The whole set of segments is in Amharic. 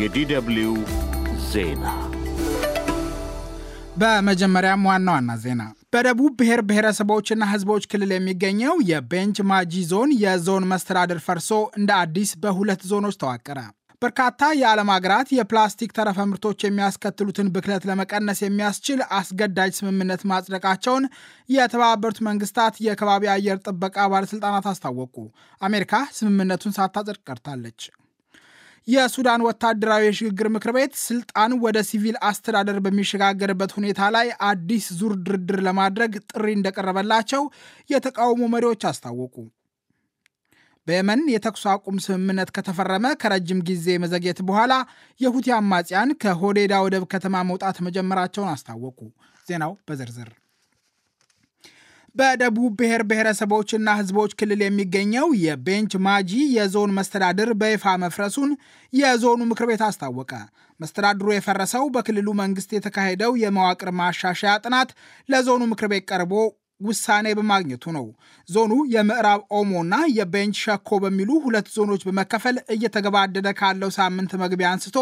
የዲደብልዩ ዜና በመጀመሪያም ዋና ዋና ዜና በደቡብ ብሔር ብሔረሰቦችና ህዝቦች ክልል የሚገኘው የቤንች ማጂ ዞን የዞን መስተዳድር ፈርሶ እንደ አዲስ በሁለት ዞኖች ተዋቀረ። በርካታ የዓለም ሀገራት የፕላስቲክ ተረፈ ምርቶች የሚያስከትሉትን ብክለት ለመቀነስ የሚያስችል አስገዳጅ ስምምነት ማጽደቃቸውን የተባበሩት መንግስታት የከባቢ አየር ጥበቃ ባለሥልጣናት አስታወቁ። አሜሪካ ስምምነቱን ሳታጽድቅ ቀርታለች። የሱዳን ወታደራዊ የሽግግር ምክር ቤት ስልጣን ወደ ሲቪል አስተዳደር በሚሸጋገርበት ሁኔታ ላይ አዲስ ዙር ድርድር ለማድረግ ጥሪ እንደቀረበላቸው የተቃውሞ መሪዎች አስታወቁ። በየመን የተኩስ አቁም ስምምነት ከተፈረመ ከረጅም ጊዜ መዘግየት በኋላ የሁቲ አማጽያን ከሆዴዳ ወደብ ከተማ መውጣት መጀመራቸውን አስታወቁ። ዜናው በዝርዝር በደቡብ ብሔር ብሔረሰቦችና ህዝቦች ክልል የሚገኘው የቤንች ማጂ የዞን መስተዳድር በይፋ መፍረሱን የዞኑ ምክር ቤት አስታወቀ። መስተዳድሩ የፈረሰው በክልሉ መንግስት የተካሄደው የመዋቅር ማሻሻያ ጥናት ለዞኑ ምክር ቤት ቀርቦ ውሳኔ በማግኘቱ ነው። ዞኑ የምዕራብ ኦሞና የቤንች ሸኮ በሚሉ ሁለት ዞኖች በመከፈል እየተገባደደ ካለው ሳምንት መግቢያ አንስቶ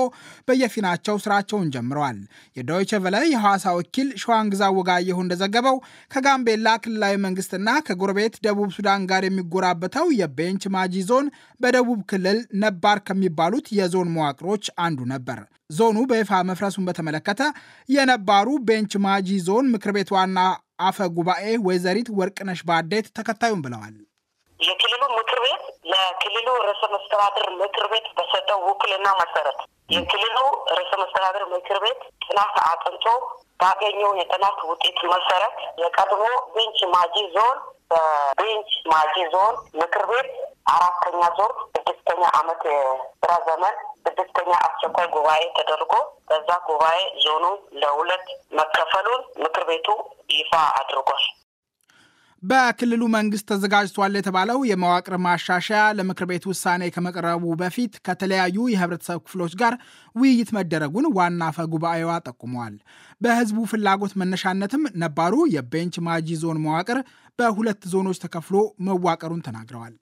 በየፊናቸው ስራቸውን ጀምረዋል። የዶይቸ ቨለ የሐዋሳ ወኪል ሸዋንግዛ ወጋየሁ እንደዘገበው ከጋምቤላ ክልላዊ መንግስትና ከጎረቤት ደቡብ ሱዳን ጋር የሚጎራበተው የቤንች ማጂ ዞን በደቡብ ክልል ነባር ከሚባሉት የዞን መዋቅሮች አንዱ ነበር። ዞኑ በይፋ መፍረሱን በተመለከተ የነባሩ ቤንች ማጂ ዞን ምክር ቤት ዋና አፈ ጉባኤ ወይዘሪት ወርቅነሽ ባዴት ተከታዩም ብለዋል። የክልሉ ምክር ቤት ለክልሉ ርዕሰ መስተዳድር ምክር ቤት በሰጠው ውክልና መሰረት የክልሉ ርዕሰ መስተዳድር ምክር ቤት ጥናት አጥንቶ ባገኘው የጥናት ውጤት መሰረት የቀድሞ ቤንች ማጂ ዞን በቤንች ማጂ ዞን ምክር ቤት አራተኛ ዞን ስድስተኛ ዓመት የስራ ዘመን ስድስተኛ አስቸኳይ ጉባኤ ተደርጎ በዛ ጉባኤ ዞኑ ለሁለት መከፈሉን ምክር ቤቱ ይፋ አድርጓል። በክልሉ መንግስት ተዘጋጅቷል የተባለው የመዋቅር ማሻሻያ ለምክር ቤት ውሳኔ ከመቅረቡ በፊት ከተለያዩ የህብረተሰብ ክፍሎች ጋር ውይይት መደረጉን ዋና አፈ ጉባኤዋ ጠቁመዋል። በህዝቡ ፍላጎት መነሻነትም ነባሩ የቤንች ማጂ ዞን መዋቅር በሁለት ዞኖች ተከፍሎ መዋቀሩን ተናግረዋል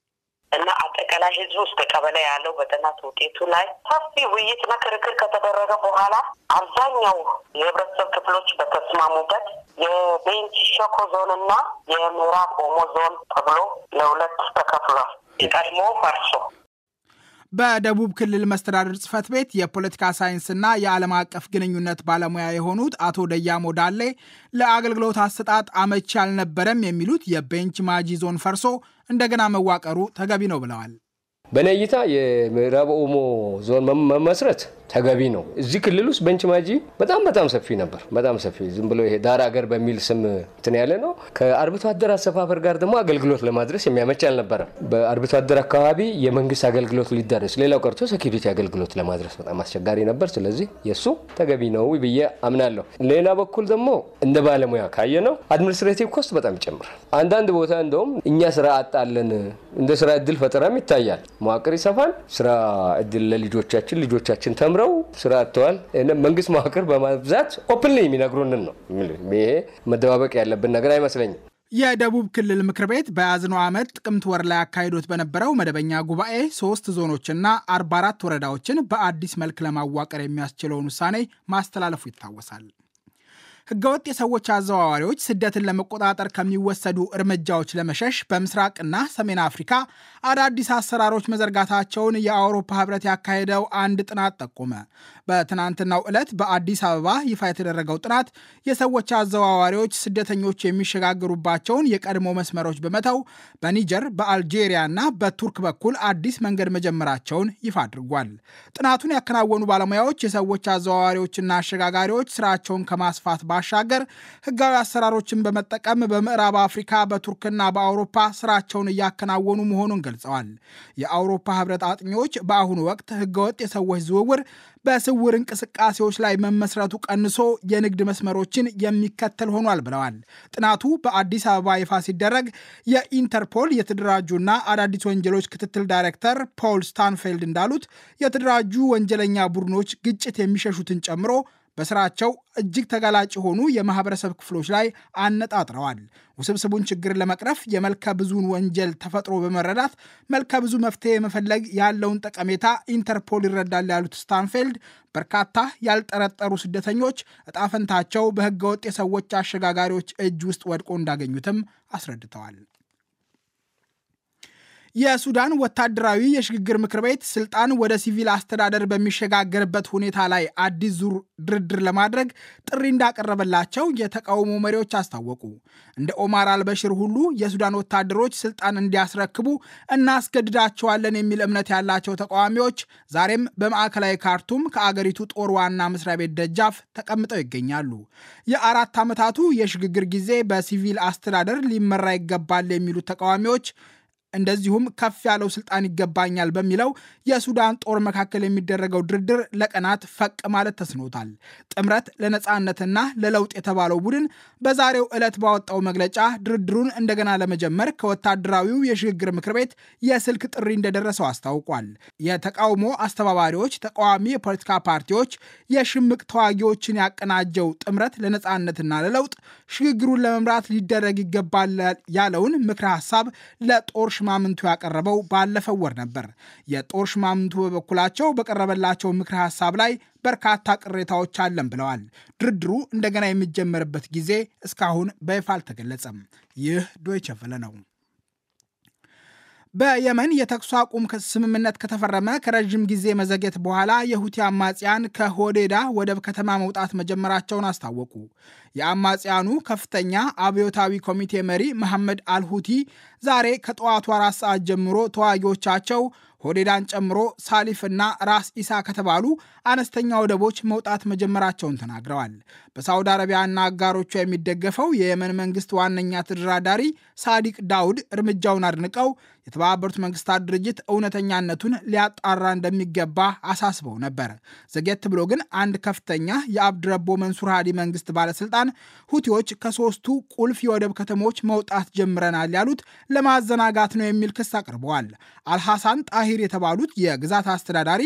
እና ከላይ ህዝብ ውስጥ ቀበሌ ያለው በጥናት ውጤቱ ላይ ሰፊ ውይይት ክርክር ከተደረገ በኋላ አብዛኛው የህብረተሰብ ክፍሎች በተስማሙበት የቤንች ሸኮ ዞንና የምዕራብ ኦሞ ዞን ተብሎ ለሁለት ተከፍሏል። የቀድሞ ፈርሶ በደቡብ ክልል መስተዳድር ጽህፈት ቤት የፖለቲካ ሳይንስና የዓለም አቀፍ ግንኙነት ባለሙያ የሆኑት አቶ ደያሞ ዳሌ ለአገልግሎት አሰጣጥ አመቺ አልነበረም የሚሉት የቤንች ማጂ ዞን ፈርሶ እንደገና መዋቀሩ ተገቢ ነው ብለዋል። በእኔ እይታ የምዕራብ ኦሞ ዞን መመስረት ተገቢ ነው። እዚህ ክልል ውስጥ በንችማጂ በጣም በጣም ሰፊ ነበር። በጣም ሰፊ ዝም ብሎ ይሄ ዳር አገር በሚል ስም እንትን ያለ ነው። ከአርብቶ አደር አሰፋፈር ጋር ደግሞ አገልግሎት ለማድረስ የሚያመች አልነበረም። በአርብቶ አደር አካባቢ የመንግስት አገልግሎት ሊደረስ፣ ሌላው ቀርቶ ሴኪሪቲ አገልግሎት ለማድረስ በጣም አስቸጋሪ ነበር። ስለዚህ የእሱ ተገቢ ነው ብዬ አምናለሁ። ሌላ በኩል ደግሞ እንደ ባለሙያ ካየ ነው አድሚኒስትሬቲቭ ኮስት በጣም ይጨምራል። አንዳንድ ቦታ እንደውም እኛ ስራ አጣለን እንደ ስራ እድል ፈጠራም ይታያል። መዋቅር ይሰፋል። ስራ እድል ለልጆቻችን ልጆቻችን ተምረው ስራ አጥተዋል። መንግስት መዋቅር በማብዛት ኦፕን የሚነግሩንን ነው። ይሄ መደባበቅ ያለብን ነገር አይመስለኝም። የደቡብ ክልል ምክር ቤት በያዝነው ዓመት ጥቅምት ወር ላይ አካሂዶት በነበረው መደበኛ ጉባኤ ሶስት ዞኖችና 44 ወረዳዎችን በአዲስ መልክ ለማዋቀር የሚያስችለውን ውሳኔ ማስተላለፉ ይታወሳል። ህገወጥ የሰዎች አዘዋዋሪዎች ስደትን ለመቆጣጠር ከሚወሰዱ እርምጃዎች ለመሸሽ በምስራቅና ሰሜን አፍሪካ አዳዲስ አሰራሮች መዘርጋታቸውን የአውሮፓ ህብረት ያካሄደው አንድ ጥናት ጠቆመ። በትናንትናው ዕለት በአዲስ አበባ ይፋ የተደረገው ጥናት የሰዎች አዘዋዋሪዎች ስደተኞች የሚሸጋገሩባቸውን የቀድሞ መስመሮች በመተው በኒጀር በአልጄሪያና በቱርክ በኩል አዲስ መንገድ መጀመራቸውን ይፋ አድርጓል። ጥናቱን ያከናወኑ ባለሙያዎች የሰዎች አዘዋዋሪዎችና አሸጋጋሪዎች ስራቸውን ከማስፋት ባሻገር ህጋዊ አሰራሮችን በመጠቀም በምዕራብ አፍሪካ በቱርክና በአውሮፓ ስራቸውን እያከናወኑ መሆኑን ገልጸዋል። የአውሮፓ ህብረት አጥኚዎች በአሁኑ ወቅት ህገወጥ የሰዎች ዝውውር በስውር እንቅስቃሴዎች ላይ መመስረቱ ቀንሶ የንግድ መስመሮችን የሚከተል ሆኗል ብለዋል። ጥናቱ በአዲስ አበባ ይፋ ሲደረግ የኢንተርፖል የተደራጁና አዳዲስ ወንጀሎች ክትትል ዳይሬክተር ፖል ስታንፌልድ እንዳሉት የተደራጁ ወንጀለኛ ቡድኖች ግጭት የሚሸሹትን ጨምሮ በስራቸው እጅግ ተጋላጭ የሆኑ የማህበረሰብ ክፍሎች ላይ አነጣጥረዋል። ውስብስቡን ችግር ለመቅረፍ የመልከ ብዙን ወንጀል ተፈጥሮ በመረዳት መልከ ብዙ መፍትሄ መፈለግ ያለውን ጠቀሜታ ኢንተርፖል ይረዳል ያሉት ስታንፌልድ በርካታ ያልጠረጠሩ ስደተኞች እጣፈንታቸው በህገወጥ የሰዎች አሸጋጋሪዎች እጅ ውስጥ ወድቆ እንዳገኙትም አስረድተዋል። የሱዳን ወታደራዊ የሽግግር ምክር ቤት ስልጣን ወደ ሲቪል አስተዳደር በሚሸጋገርበት ሁኔታ ላይ አዲስ ዙር ድርድር ለማድረግ ጥሪ እንዳቀረበላቸው የተቃውሞ መሪዎች አስታወቁ። እንደ ኦማር አልበሽር ሁሉ የሱዳን ወታደሮች ስልጣን እንዲያስረክቡ እናስገድዳቸዋለን የሚል እምነት ያላቸው ተቃዋሚዎች ዛሬም በማዕከላዊ ካርቱም ከአገሪቱ ጦር ዋና መስሪያ ቤት ደጃፍ ተቀምጠው ይገኛሉ። የአራት ዓመታቱ የሽግግር ጊዜ በሲቪል አስተዳደር ሊመራ ይገባል የሚሉት ተቃዋሚዎች እንደዚሁም ከፍ ያለው ስልጣን ይገባኛል በሚለው የሱዳን ጦር መካከል የሚደረገው ድርድር ለቀናት ፈቅ ማለት ተስኖታል። ጥምረት ለነፃነትና ለለውጥ የተባለው ቡድን በዛሬው ዕለት ባወጣው መግለጫ ድርድሩን እንደገና ለመጀመር ከወታደራዊው የሽግግር ምክር ቤት የስልክ ጥሪ እንደደረሰው አስታውቋል። የተቃውሞ አስተባባሪዎች ተቃዋሚ የፖለቲካ ፓርቲዎች የሽምቅ ተዋጊዎችን ያቀናጀው ጥምረት ለነፃነትና ለለውጥ ሽግግሩን ለመምራት ሊደረግ ይገባል ያለውን ምክረ ሀሳብ ለጦር ሽማምንቱ ያቀረበው ባለፈው ወር ነበር። የጦር ሽማምንቱ በበኩላቸው በቀረበላቸው ምክረ ሀሳብ ላይ በርካታ ቅሬታዎች አለን ብለዋል። ድርድሩ እንደገና የሚጀመርበት ጊዜ እስካሁን በይፋ አልተገለጸም። ይህ ዶይቸ ቬለ ነው። በየመን የተኩስ አቁም ስምምነት ከተፈረመ ከረዥም ጊዜ መዘግየት በኋላ የሁቲ አማጽያን ከሆዴዳ ወደብ ከተማ መውጣት መጀመራቸውን አስታወቁ። የአማጽያኑ ከፍተኛ አብዮታዊ ኮሚቴ መሪ መሐመድ አልሁቲ ዛሬ ከጠዋቱ አራት ሰዓት ጀምሮ ተዋጊዎቻቸው ሆዴዳን ጨምሮ ሳሊፍና ራስ ኢሳ ከተባሉ አነስተኛ ወደቦች መውጣት መጀመራቸውን ተናግረዋል። በሳውዲ አረቢያና አጋሮቿ የሚደገፈው የየመን መንግስት ዋነኛ ተደራዳሪ ሳዲቅ ዳውድ እርምጃውን አድንቀው የተባበሩት መንግስታት ድርጅት እውነተኛነቱን ሊያጣራ እንደሚገባ አሳስበው ነበር። ዘጌት ብሎ ግን አንድ ከፍተኛ የአብድረቦ መንሱር ሃዲ መንግስት ባለስልጣን ሁቲዎች ከሶስቱ ቁልፍ የወደብ ከተሞች መውጣት ጀምረናል ያሉት ለማዘናጋት ነው የሚል ክስ አቅርበዋል። አልሐሳን ጣሂር የተባሉት የግዛት አስተዳዳሪ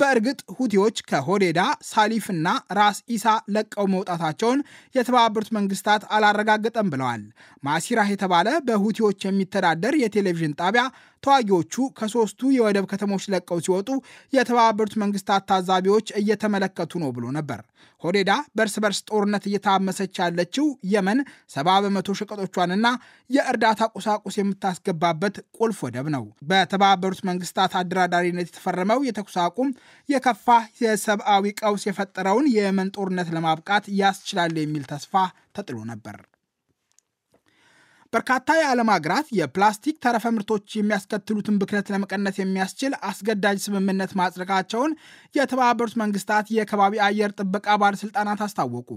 በእርግጥ ሁቲዎች ከሆዴዳ ሳሊፍና ራስ ኢሳ ለቀው መውጣታቸውን የተባበሩት መንግስታት አላረጋገጠም ብለዋል። ማሲራህ የተባለ በሁቲዎች የሚተዳደር የቴሌቪዥን ጣቢያ ተዋጊዎቹ ከሶስቱ የወደብ ከተሞች ለቀው ሲወጡ የተባበሩት መንግስታት ታዛቢዎች እየተመለከቱ ነው ብሎ ነበር። ሆዴዳ በእርስ በርስ ጦርነት እየታመሰች ያለችው የመን ሰባ በመቶ ሸቀጦቿንና የእርዳታ ቁሳቁስ የምታስገባበት ቁልፍ ወደብ ነው። በተባበሩት መንግስታት አደራዳሪነት የተፈረመው የተኩስ አቁም የከፋ የሰብአዊ ቀውስ የፈጠረውን የየመን ጦርነት ለማብቃት ያስችላል የሚል ተስፋ ተጥሎ ነበር። በርካታ የዓለም ሀገራት የፕላስቲክ ተረፈ ምርቶች የሚያስከትሉትን ብክነት ለመቀነስ የሚያስችል አስገዳጅ ስምምነት ማጽደቃቸውን የተባበሩት መንግስታት የከባቢ አየር ጥበቃ ባለሥልጣናት አስታወቁ።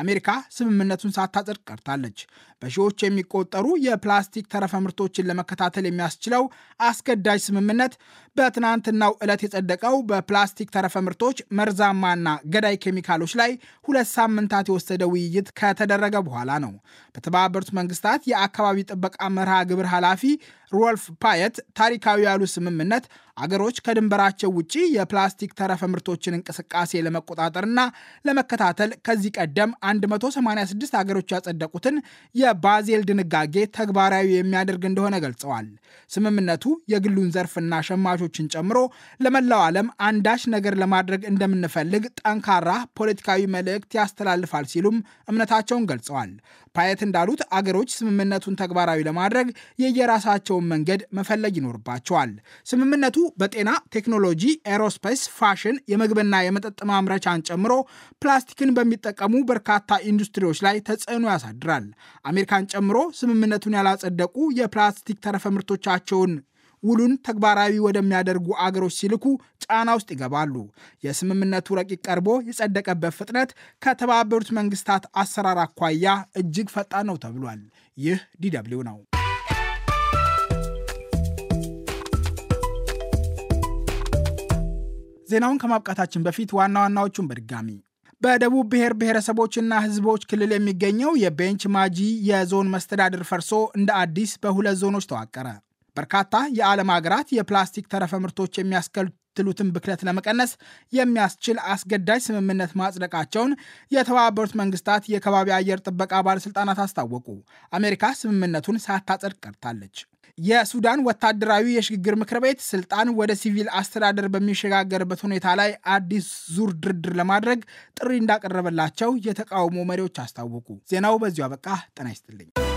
አሜሪካ ስምምነቱን ሳታጸድቅ ቀርታለች። በሺዎች የሚቆጠሩ የፕላስቲክ ተረፈ ምርቶችን ለመከታተል የሚያስችለው አስገዳጅ ስምምነት በትናንትናው ዕለት የጸደቀው በፕላስቲክ ተረፈ ምርቶች መርዛማና ገዳይ ኬሚካሎች ላይ ሁለት ሳምንታት የወሰደ ውይይት ከተደረገ በኋላ ነው። በተባበሩት መንግስታት የአካባቢ ጥበቃ መርሃ ግብር ኃላፊ ሩወልፍ ፓየት ታሪካዊ ያሉ ስምምነት አገሮች ከድንበራቸው ውጪ የፕላስቲክ ተረፈ ምርቶችን እንቅስቃሴ ለመቆጣጠርና ለመከታተል ከዚህ ቀደም 186 አገሮች ያጸደቁትን የባዜል ድንጋጌ ተግባራዊ የሚያደርግ እንደሆነ ገልጸዋል። ስምምነቱ የግሉን ዘርፍና ሸማቾችን ጨምሮ ለመላው ዓለም አንዳች ነገር ለማድረግ እንደምንፈልግ ጠንካራ ፖለቲካዊ መልእክት ያስተላልፋል ሲሉም እምነታቸውን ገልጸዋል። ፓየት እንዳሉት አገሮች ስምምነቱን ተግባራዊ ለማድረግ የየራሳቸውን መንገድ መፈለግ ይኖርባቸዋል። ስምምነቱ በጤና ቴክኖሎጂ፣ ኤሮስፔስ፣ ፋሽን፣ የምግብና የመጠጥ ማምረቻን ጨምሮ ፕላስቲክን በሚጠቀሙ በርካታ ኢንዱስትሪዎች ላይ ተጽዕኖ ያሳድራል። አሜሪካን ጨምሮ ስምምነቱን ያላጸደቁ የፕላስቲክ ተረፈ ምርቶቻቸውን ውሉን ተግባራዊ ወደሚያደርጉ አገሮች ሲልኩ ጫና ውስጥ ይገባሉ። የስምምነቱ ረቂቅ ቀርቦ የጸደቀበት ፍጥነት ከተባበሩት መንግስታት አሰራር አኳያ እጅግ ፈጣን ነው ተብሏል። ይህ ዲደብሊው ነው። ዜናውን ከማብቃታችን በፊት ዋና ዋናዎቹን በድጋሚ በደቡብ ብሔር ብሔረሰቦችና ሕዝቦች ክልል የሚገኘው የቤንች ማጂ የዞን መስተዳድር ፈርሶ እንደ አዲስ በሁለት ዞኖች ተዋቀረ። በርካታ የዓለም ሀገራት የፕላስቲክ ተረፈ ምርቶች የሚያስከትሉትን ብክለት ለመቀነስ የሚያስችል አስገዳጅ ስምምነት ማጽደቃቸውን የተባበሩት መንግስታት የከባቢ አየር ጥበቃ ባለሥልጣናት አስታወቁ። አሜሪካ ስምምነቱን ሳታጸድቅ ቀርታለች። የሱዳን ወታደራዊ የሽግግር ምክር ቤት ስልጣን ወደ ሲቪል አስተዳደር በሚሸጋገርበት ሁኔታ ላይ አዲስ ዙር ድርድር ለማድረግ ጥሪ እንዳቀረበላቸው የተቃውሞ መሪዎች አስታወቁ። ዜናው በዚሁ አበቃ። ጤና ይስጥልኝ።